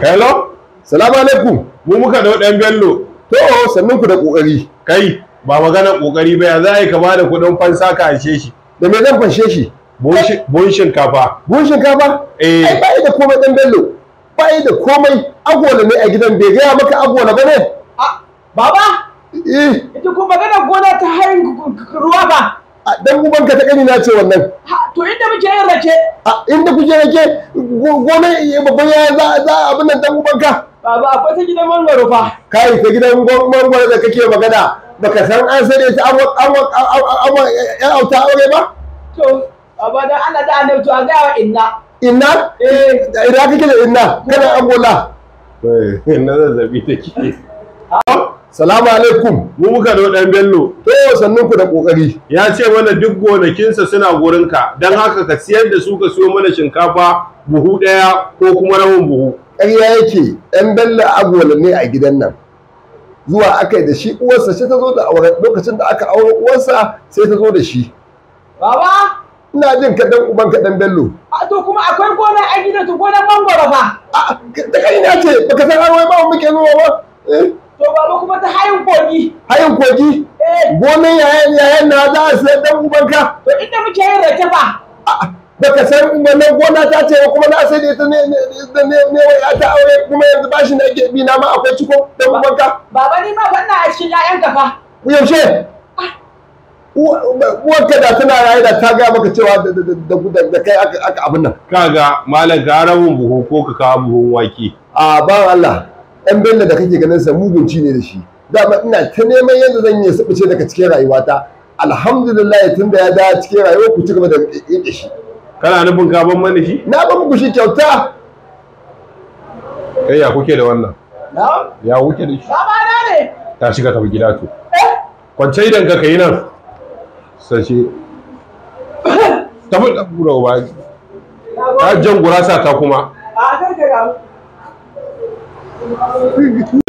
hello salamu alaikum mu muka da wadan bello to sannan ku da kokari kai ba magana kokari ba ya za a yi ka bada kudin fansa ka ashe shi da me zan fanshe shi buhun shinkafa buhun shinkafa eh ai bai da komai dan bello bai da komai agwala ne a gidan bai gaya maka agwala ba ne baba eh ita ko magana gona ta harin ruwa ba dan uban ka ta kani na ce wannan to inda muke yin rake inda kuke rake gona babban ya za a abin nan dan ba baba akwai ta gidan mangwaro fa kai ta gidan mangwaro da kake magana baka san an sare ta an an an yan auta aure ba to baba dan ana da annabi to a ga wa inna inna eh ina kake da inna kana angola eh inna zabi take salamu alaikum mu muka da dan bello to ku da kokari ya ce mana duk gonakinsa suna gurinka don haka ka siyar da su ka siyo mana shinkafa buhu daya ko kuma rawan buhu ƙarya yake dan bello agwala ne a gidan nan zuwa aka yi da shi uwarsa sai ta zo da aure, lokacin da aka aure uwarsa sai ta zo da shi baba ina jin ka dan uban ka dan bello a to kuma akwai gona a gidan to gona mangoro fa a da kai ne ce baka san aure ba muke zuwa ba eh? To kuma ta hayin kogi. Hayin kogi? Eh. Gonan yayan yayan na za a sayar dan ubanka. To inda muke yin rake fa. ka san wannan gona ta ce kuma na sai da ne ne ne wai ta aure kuma yanzu bashi na ke bi na ma akwai ciko dan ubanka. Baba ni ma wannan a cikin yayan ka fa. Yaushe? Ah. ka da tana raye da ta gaya maka cewa da kai aka abin nan. Kaga malam ka buhu ko ka kawo buhun wake. A ban Allah. ɗan bello da kake ganin sa mugunci ne da shi dama ina ta neman yadda zan yi subuce daga cikin rayuwata alhamdulillah da ya dawo cikin rayuwa ku ci gaba da yake shi kana nufin ka ban mani shi na ban muku shi kyauta Kai eh, ya kuke da wannan na ya kuke da shi ba ba ne ta shiga tafi gida to eh? kwance idan ka kai nan sace shi tafi da gura ba ta jan gurasa ta kuma a kai ka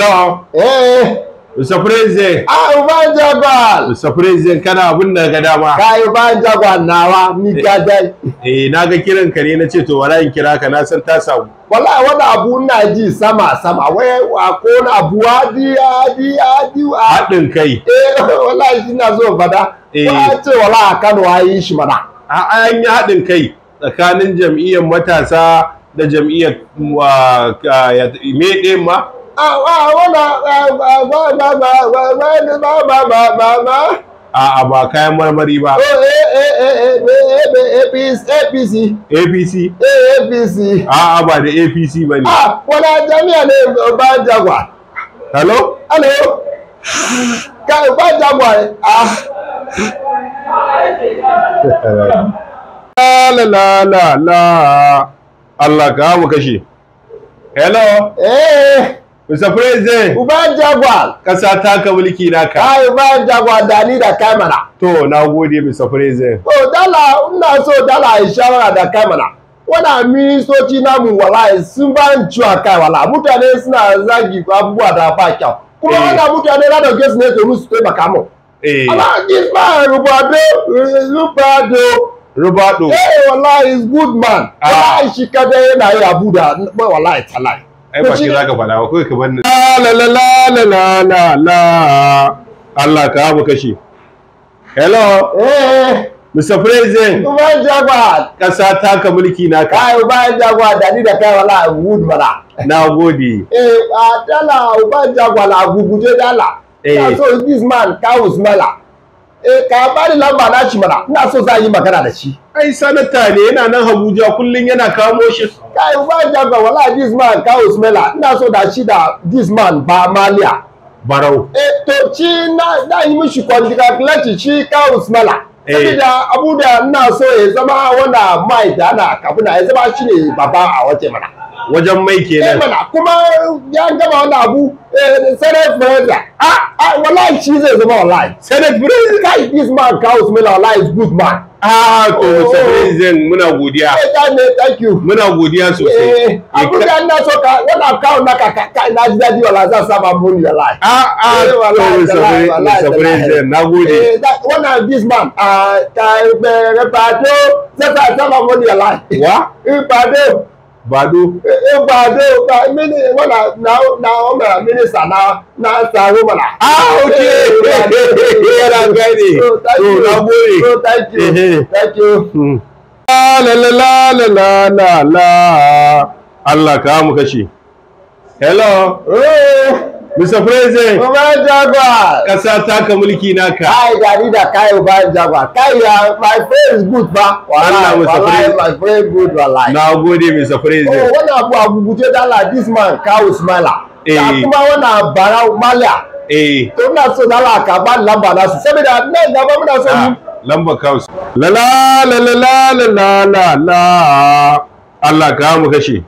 No. Eh. Mr. President. Ah, Uban Jagwal. Mr. President kana abin da ga dama. Ka Uban Jagwal nawa ni ka eh. dai. Eh, na ga kiran ka ne na ce to wallahi kira ka na san ta samu. Wallahi wani abu ina ji sama sama wai a ko na abu adi adi adi hadin kai. Eh, wallahi ina zo fada. Eh, ba ce wallahi Kano ayi shi mana. A an yi hadin kai tsakanin jam'iyyar matasa da jam'iyyar me ɗaya ma a ba kayan marmari ba apc apc apc a ba da apc ba ne wala jami'a ne ba jagwa hello hello ka ba jagwa ah la la la la Allah ka mu kashe hello eh Mr. President uban jagwal kasa ka mulki naka ai uban jagwal da ni da kamera to na gode Mr. President to dala ina so dala ishawara da kamera wannan ministoci namu wallahi sun ba ni ciwa kai wallahi mutane suna zagi abubuwa da ba kyau kuma eh. wannan mutane na dauke su ne domin su taimaka mu. Eh. Allah ba rubado rubado Rubado. Eh wallahi is good man. Ah. Wallahi shi kada yana yi abu a wallahi talai. Ai ba shi zaka faɗa ba kai ka bar ni. La la la la la la. Allah ka mu kashi. Hello. Eh. Mr. President. Uban Jagwad. Kasa taka mulki na ka. Ai Uban Jagwad da ni da kai wallahi good mana. Na gode. Eh a ah, dala Uban Jagwad a guguje dala. Eh. So this man cows mala. eh ka bani lamba na shi mana ina so za yi magana da shi ai sanata ne yana nan Abuja kullun yana kamo shi kai ba jaga wala this man ka Usmela ina so da shi da this man ba Malia Barau eh to na da yi mishi congratulate shi ka Usmela eh. Sabida Abuja ina so ya zama wana mai da ana kabuna ya zama ne baba a wace mana wajen mai eh, kenan mana kuma ya gama wani abu eh, senate president ah ah wallahi shi zai zama wallahi senate president kai this man kawo smila wallahi is good man ah to president oh. muna godiya eh, thank you muna godiya sosai abu da na so ka wannan kawo na ka ka na ji dadi wallahi zan saba mun wallahi ah ah to president na gode wannan this man ah ta repato mun wallahi wa repato Bado. Eh, Bado, but mini, well, now, now, I'm a minister, now, now, I'm a Ah, okay. Here I'm ready. So, thank so, you. Don't worry. So, thank you. thank you. Hmm. La la la la la la la. Allah, come, Kashi. Hello. Oh. Mr. President. Kuma Jagwa. Kasa taka mulki naka. Ai ni da kai ba Jagwa. Kai ya my friend is good ba. Wallahi My friend good wallahi. Na gode Mr. President. Oh wannan abu abu guje da Allah this man kawo Ismaila. Eh. Kuma wannan bara Malia. Eh. To ina so da Allah ka ba lamba na su saboda nan gaba muna so ah, mu. Lamba kawo. La la la la la la la. Allah ka mu kashe.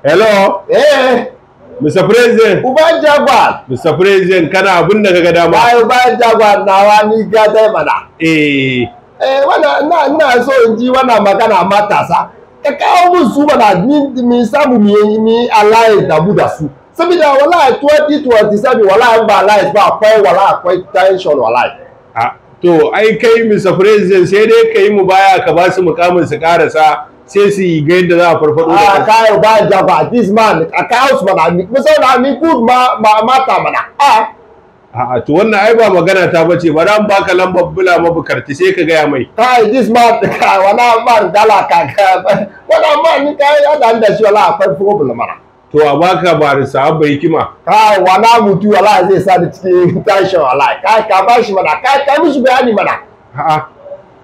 Hello. Eh. Mr. President. Uban Jaguar. Mr. President kana abin da kaga dama. Ai uban Jaguar nawa ni ga dai mana. Eh. Eh wannan ina ina so in ji wannan magana matasa. Ka kawo mun su mana ni mi samu mi mi alliance da mu da su. Saboda wallahi 2027 wallahi ba alliance ba akwai wallahi akwai tension wallahi. Ah to ai kai Mr. President sai dai kai mu baya ka ba su mukamin su karasa sai su yi ga da za a farfado da kai. Kayo ba jafa, this man, a kawo su mana, musamman ni food ma mata mana. A'a, to wannan ai ba magana ta bace ba ran baka lambar bula mabukarti sai ka gaya mai. Kai this man, ka wala man dala ka ka, wala ni kai ya dan da shi wala akwai problem mana. To a baka ba hikima. Kai mutu wala zai sa da cikin tashin wala. Kai ka mana, kai mishi bayani mana. A'a,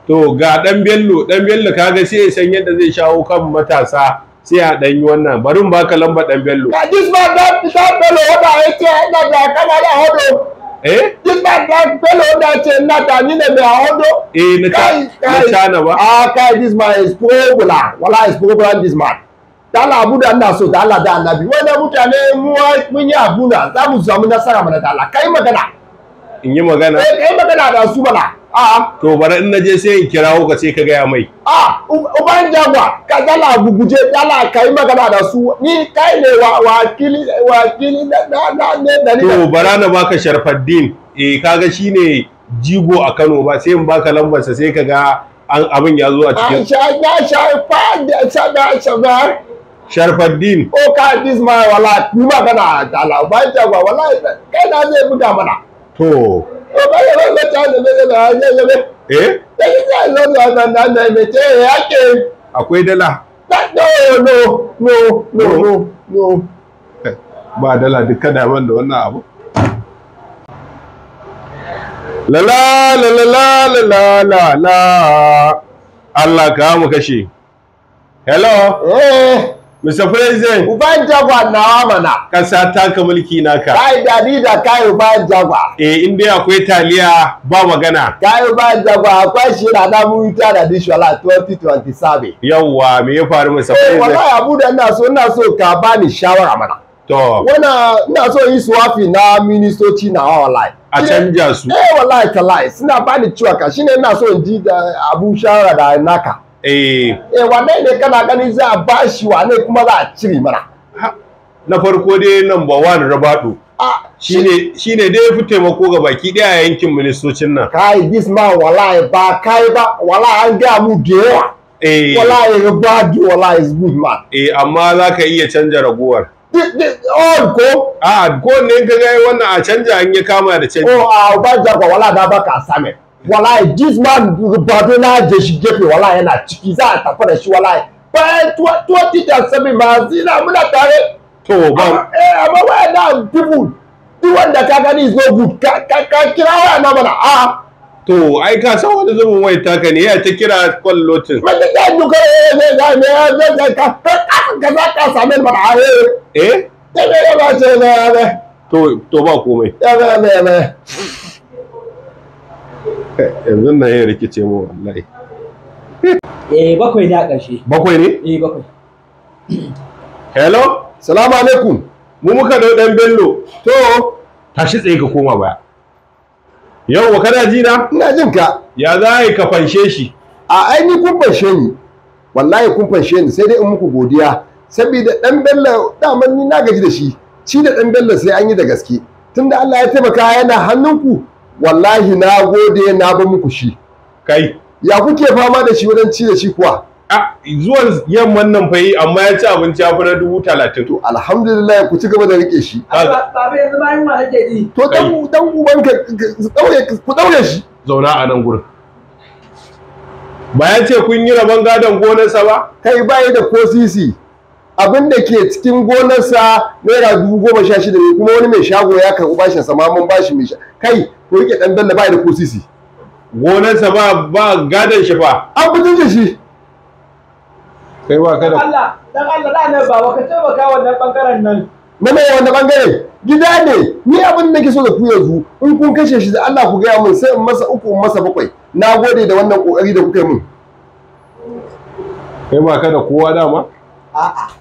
to ga dan bello dan bello kaga sai ya san yadda zai shawo kan matasa sai a dan yi wannan barin baka lamba eh? dan bello this man that that bello wanda yake ina da kana da hodo eh this man that bello wanda yake ina da ni ne da hodo eh na ta chana ba ah kai this man is popular wala is popular this man da Allah na da Allah so da Allah da annabi wanda mutane mu mun yi abuna za mu samu nasara mana da kai magana in yi magana eh, kai magana da su bala to bara in naje sai in kirawo ka sai ka gaya mai a uban jagwa ka dala guguje dala kai magana da su ni kai ne wa wakili wakili na na ne da ni to bara na baka sharfaddin eh kaga shine jigo a Kano ba sai in baka lambar sa sai ga an abin ya zo a cikin sha ya sha fa da sha da sha sharfaddin o ka this my wala ni magana dala uban jagwa wala kai na zai buga mana to akwai dala ba dala duk kada da wannan abu Lala la lala la la Allah ka mu kashe hello eh Mr. President. Uban jagwa nawa mana. Kasa taka mulki naka. Kai da ni da kai uban jagwa. Eh in dai akwai taliya ba magana. Kai uban jagwa akwai shi na da mu ta da dishola 2027. Yawwa me ya faru Mr. Eh, President? Eh wallahi abu da ina so ina so ka bani shawara mana. To. Wana ina so yi swafi na ministoci na online. A canja su. Eh wallahi talai suna bani ciwaka shine ina so in ji da abu shawara da naka. eh, eh wane ne kana gani za a bashi wane kuma za a cire mana na farko dai number one rabado shi ne dai fi taimako ga baki daya a yankin ministocin nan kai this man wallahi ba kai ba wallahi an ga mu da yawa eh wallahi rabado wallahi is good man eh amma za ka iya canja raguwar on oh, ko a ko ne ka ga wannan a canja an ya kama da canji oh a ba jagwa wallahi da baka same wallahi this man bado na jeshi shi gefe wallahi yana ciki za a tafi da shi wallahi bayan twenty 2007 ma zina muna tare to ba eh amma waya da dubu duk wanda ka gani is no good ka ka kira waya na bana a ah. to ai ka san wani zubin wai taka ne ya ta kira kwallotin ba ta ga duka eh ne ga ne ga ga ka ka ga za ka same bana a ah, eh eh ta eh, ne eh, eh, ba ce ba to to ba komai ya ba ba yanzu na yin rikice mu wallahi eh bakwai ne a ƙarshe bakwai ne eh bakwai hello salamu alaikum mu muka da dan bello to tashi tsaye ka koma baya yau wa kana ji na ina jin ka ya za ka fanshe shi a aini kun fanshe ni wallahi kun fanshe ni sai dai in muku godiya saboda dan bello daman ni na gaji da shi shi da dan bello sai an yi da gaske tunda Allah ya taimaka yana hannunku wallahi na gode na ba muku shi kai ya kuke fama da shi wajen ci da shi kuwa zuwan yamman nan fa yi amma ya ci abinci ya fi na dubu talatin. To alhamdulillah ku ci gaba da rike shi. Babu yanzu bayan ma nake yi. To dan dan uban ka ku daure shi. Zauna a nan gurin. Ba ya ce kun yi rabon gadon gonarsa ba? Kai ba da ko sisi. abin da ke cikin gonarsa naira dubu goma sha shida ne kuma wani mai shago ya karɓi bashin sa mun bashi mai kai ko yake dan dalla ba da ko sisi gonarsa ba ba gadon shi fa an fitin shi kai wa kada Allah dan Allah da nan ba ka wannan bangaren nan na mai wanda bangare gida ne ni abin da nake so da ku yanzu in kun kashe shi da Allah ku gaya min sai in masa uku in masa bakwai na gode da wannan kokari da kuka yi min kai ba kada kowa dama a'a